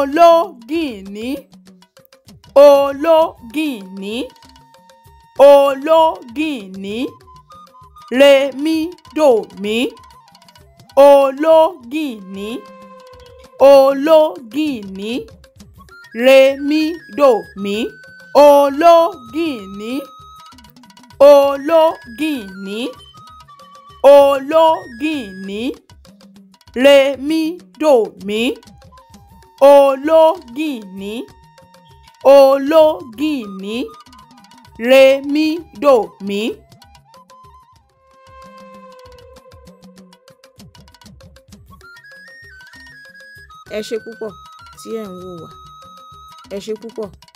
ológìnní ológìnní ológìnní rèmídòmí ológìnní ológìnní rèmídòmí ológìnní ológìnní ológìnní rèmídòmí ológìnní ológìnní rèmídòmí. ẹ ṣé púpọ̀ tí ẹ̀ ń wò wá ẹ ṣé púpọ̀